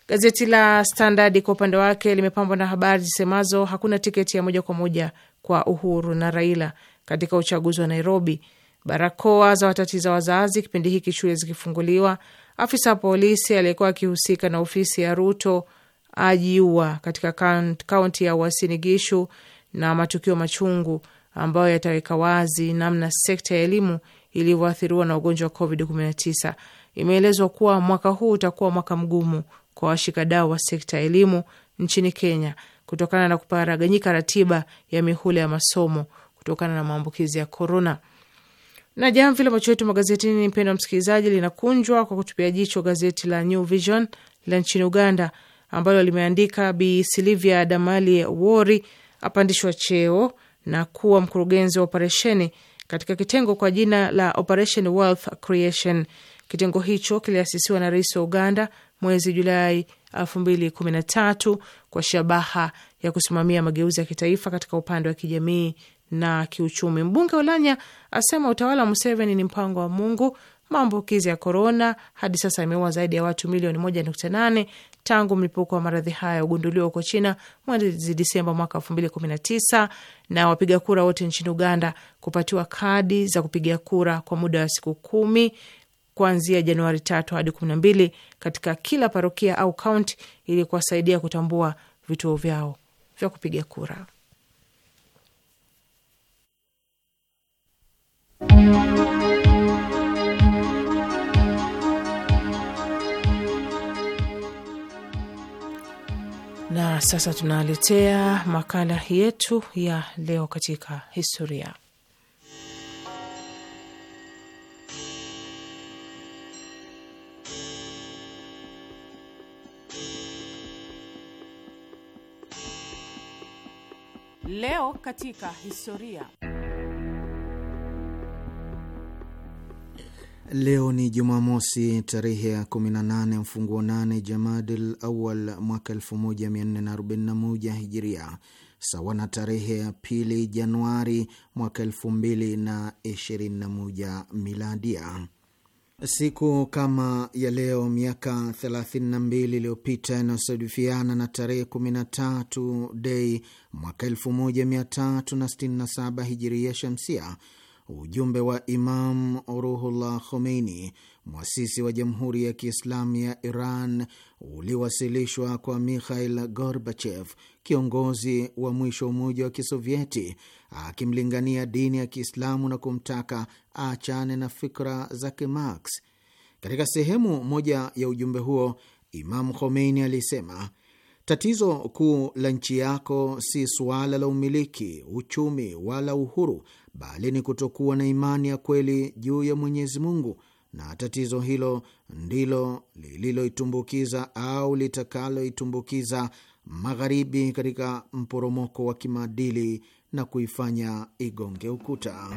[SPEAKER 3] Gazeti la Standard kwa upande wake limepambwa na habari zisemazo hakuna tiketi ya moja kwa moja kwa Uhuru na Raila katika uchaguzi wa Nairobi, barakoa za watatiza wazazi kipindi hiki shule zikifunguliwa, afisa wa polisi aliyekuwa akihusika na ofisi ya Ruto ajiua katika kaunti ya Uasin Gishu, na matukio machungu ambayo yataweka wazi namna sekta ya elimu ilivyoathiriwa na ugonjwa wa COVID-19. Imeelezwa kuwa mwaka huu utakuwa mwaka mgumu kwa washikadau wa sekta ya elimu nchini Kenya kutokana na kuparaganyika ratiba ya mihula ya masomo kutokana na maambukizi ya korona. Na jamvi la macho yetu magazetini, mpendo wa msikilizaji, linakunjwa kwa kutupia jicho gazeti la New Vision la nchini Uganda ambalo limeandika Bi Silivia Damali Wori apandishwa cheo na kuwa mkurugenzi wa operesheni katika kitengo kwa jina la Operation Wealth Creation. Kitengo hicho kiliasisiwa na rais wa Uganda mwezi Julai 2013 kwa shabaha ya kusimamia mageuzi ya kitaifa katika upande wa kijamii na kiuchumi. Mbunge Ulanya asema utawala wa Museveni ni mpango wa Mungu. Maambukizi ya korona hadi sasa yameua zaidi ya watu milioni 1.8 tangu mlipuko wa maradhi haya ugunduliwa huko China mwezi Disemba mwaka 2019, na wapiga kura wote nchini Uganda kupatiwa kadi za kupiga kura kwa muda wa siku kumi kuanzia Januari tatu hadi kumi na mbili katika kila parokia au kaunti ili kuwasaidia kutambua vituo vyao vya kupiga kura. Na sasa tunaletea makala yetu ya leo katika historia. Leo katika historia.
[SPEAKER 4] Leo ni Jumamosi, tarehe ya 18 mfunguo 8 Jamadil Awal mwaka 1441 Hijiria, sawa na tarehe ya pili Januari mwaka 2021 Miladia. Siku kama ya leo miaka 32 iliyopita inayosadifiana na tarehe 13 Dei mwaka 1367 hijiria shamsia ujumbe wa Imam Ruhullah Khomeini, mwasisi wa Jamhuri ya Kiislamu ya Iran, uliwasilishwa kwa Mikhail Gorbachev, kiongozi wa mwisho Umoja wa Kisovyeti, akimlingania dini ya Kiislamu na kumtaka aachane na fikra zake Marx. Katika sehemu moja ya ujumbe huo, Imam Khomeini alisema Tatizo kuu la nchi yako si suala la umiliki, uchumi wala uhuru, bali ni kutokuwa na imani ya kweli juu ya Mwenyezi Mungu, na tatizo hilo ndilo lililoitumbukiza au litakaloitumbukiza Magharibi katika mporomoko wa kimaadili na kuifanya igonge ukuta.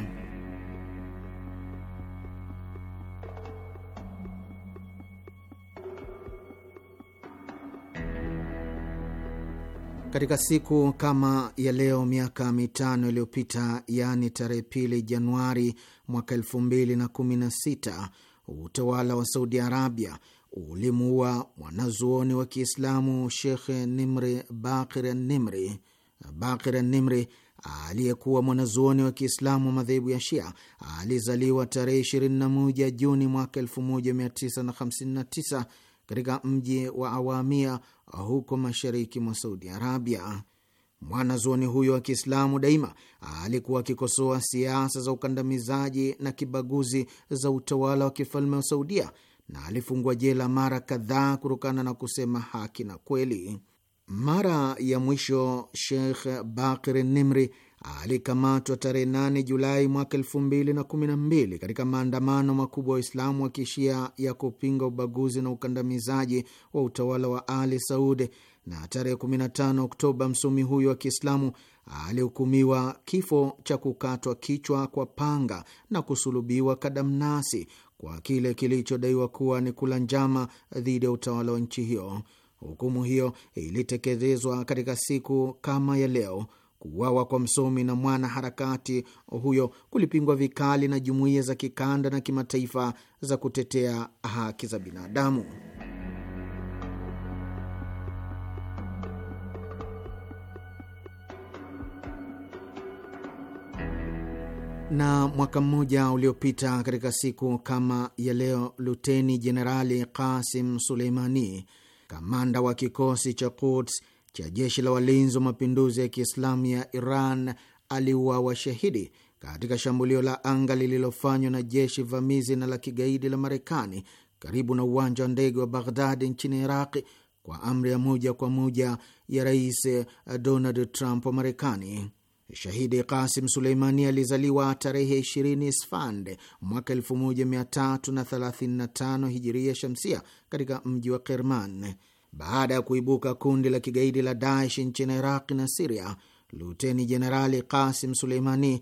[SPEAKER 4] Katika siku kama ya leo miaka mitano iliyopita, yaani tarehe pili Januari mwaka elfu mbili na kumi na sita utawala wa Saudi Arabia ulimuua mwanazuoni wa Kiislamu shekhe Nimri Bakir Nimri. Bakir Nimri aliyekuwa mwanazuoni wa Kiislamu wa madhehebu ya Shia alizaliwa tarehe 21 Juni mwaka 1959 katika mji wa Awamia huko mashariki mwa Saudi Arabia. Mwanazuoni huyo wa Kiislamu daima alikuwa akikosoa siasa za ukandamizaji na kibaguzi za utawala wa kifalme wa Saudia na alifungwa jela mara kadhaa kutokana na kusema haki na kweli. Mara ya mwisho Sheikh Bakir Nimri alikamatwa tarehe 8 Julai mwaka mbili katika maandamano makubwa wa Waislamu wa kishia ya kupinga ubaguzi na ukandamizaji wa utawala wa Ali saudi na tarehe 15 Oktoba msomi huyo wa Kiislamu alihukumiwa kifo cha kukatwa kichwa kwa panga na kusulubiwa kadamnasi kwa kile kilichodaiwa kuwa ni kula njama dhidi ya utawala wa nchi hiyo. Hukumu hiyo ilitekelezwa katika siku kama ya leo Kuuawa kwa msomi na mwana harakati huyo kulipingwa vikali na jumuiya za kikanda na kimataifa za kutetea haki za binadamu. Na mwaka mmoja uliopita katika siku kama ya leo, Luteni Jenerali Kasim Suleimani, kamanda wa kikosi cha Quds cha jeshi la walinzi wa mapinduzi ya Kiislamu ya Iran aliuawa shahidi katika shambulio la anga lililofanywa na jeshi vamizi na la kigaidi la Marekani karibu na uwanja wa ndege wa Baghdadi nchini Iraqi kwa amri ya moja kwa moja ya Rais Donald Trump wa Marekani. Shahidi Kasim Suleimani alizaliwa tarehe 20 Sfand mwaka 1335 hijiria shamsia katika mji wa Kerman baada ya kuibuka kundi la kigaidi la Daesh nchini Iraqi na Siria, Luteni Jenerali Kasim Suleimani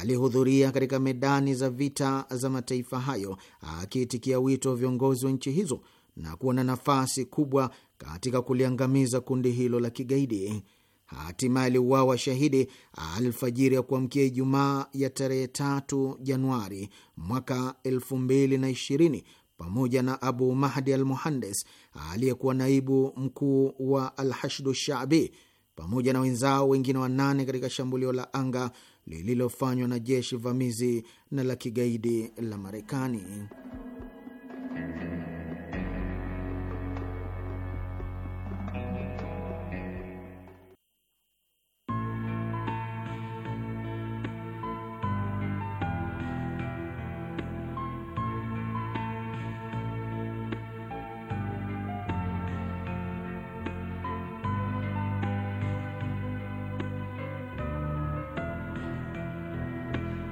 [SPEAKER 4] alihudhuria katika medani za vita za mataifa hayo akiitikia wito wa viongozi wa nchi hizo na kuwa na nafasi kubwa katika kuliangamiza kundi hilo la kigaidi. Hatimaye aliuawa shahidi alfajiri ya kuamkia Ijumaa ya tarehe 3 Januari mwaka ishirini pamoja na Abu Mahdi al Muhandes aliyekuwa naibu mkuu wa Alhashdu Shabi pamoja na wenzao wengine wanane katika shambulio la anga lililofanywa na jeshi vamizi na la kigaidi la Marekani.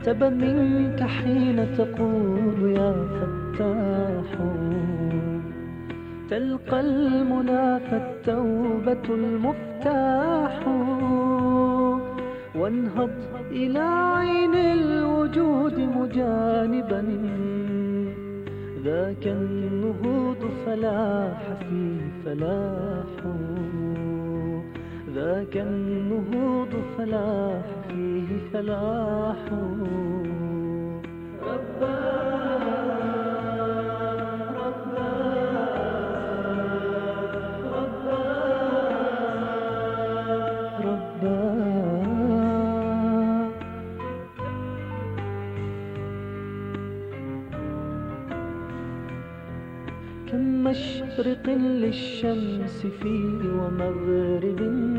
[SPEAKER 7] تبى منك حين تقول يا فتاح تلقى المنى فالتوبة المفتاح وانهض إلى عين الوجود مجانبا ذاك النهوض فلاح في فلاح ذاك النهوض فلاح فيه فلاح رباه مشرق للشمس فيه ومغرب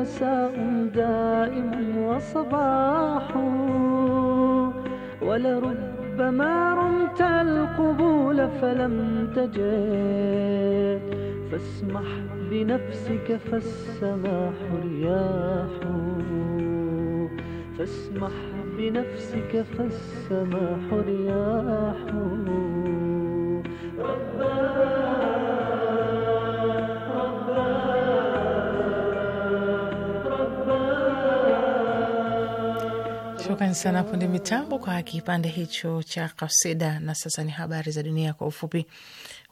[SPEAKER 7] مساء دائم وصباح ولربما رمت القبول فلم تجد فاسمح بنفسك فالسماح رياح فاسمح بنفسك فالسماح رياح ربنا
[SPEAKER 3] Shukran sana Punde Mitambo kwa kipande hicho cha kasida. Na sasa ni habari za dunia kwa ufupi.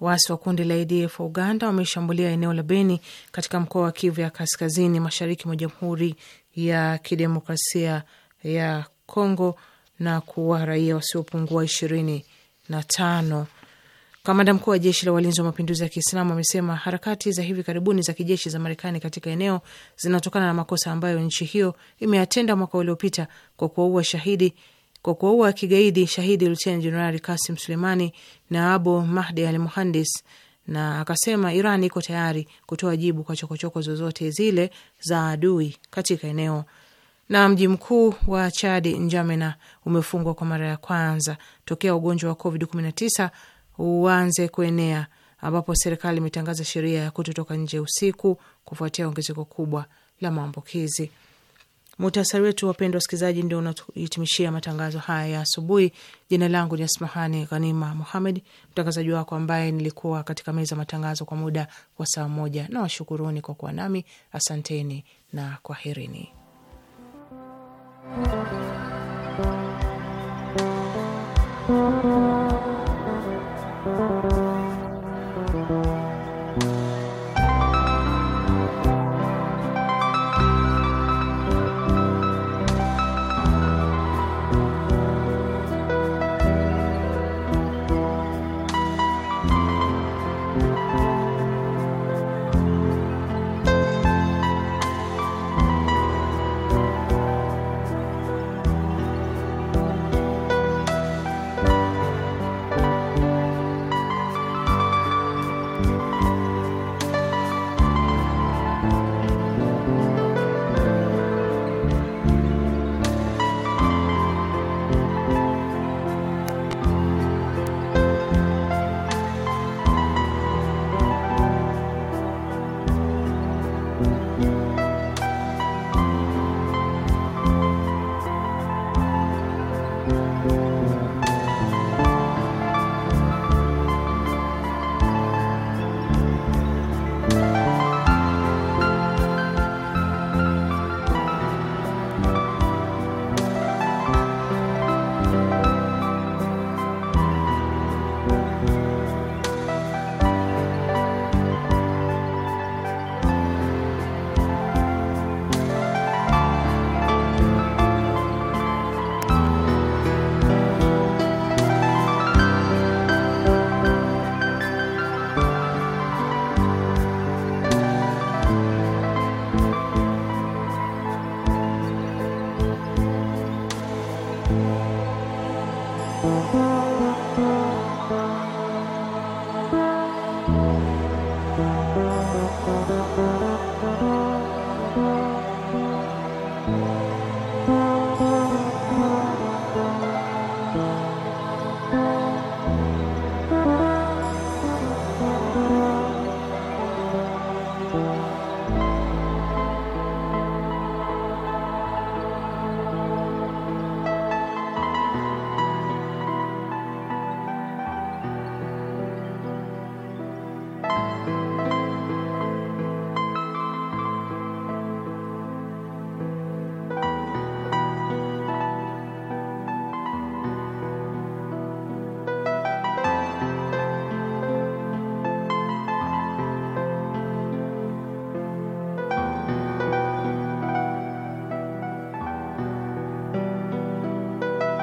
[SPEAKER 3] Waasi wa kundi la ADF wa Uganda wameshambulia eneo la Beni katika mkoa wa Kivu ya kaskazini mashariki mwa Jamhuri ya Kidemokrasia ya Kongo na kuua raia wasiopungua ishirini na tano. Kamanda mkuu wa jeshi la walinzi wa mapinduzi ya Kiislamu amesema harakati za hivi karibuni za kijeshi za Marekani katika eneo zinatokana na makosa ambayo nchi hiyo imeyatenda mwaka uliopita kwa kuwaua shahidi kwa kuwaua kigaidi shahidi luteni jenerali Kasim Suleimani na Abu Mahdi al Muhandis, na akasema Iran iko tayari kutoa jibu kwa chokochoko zozote zile za adui katika eneo. Na mji mkuu wa Chadi, Njamena, umefungwa kwa mara ya kwanza tokea ugonjwa wa COVID 19 uanze kuenea, ambapo serikali imetangaza sheria ya kutotoka nje usiku kufuatia ongezeko kubwa la maambukizi. Muhtasari wetu, wapendwa wasikilizaji, ndio unatuhitimishia matangazo haya ya asubuhi. Jina langu ni Asmahani Ghanima Muhamed, mtangazaji wako ambaye nilikuwa katika meza matangazo kwa muda wa saa moja, na washukuruni kwa kuwa nami. Asanteni na kwaherini.
[SPEAKER 7] Thank you.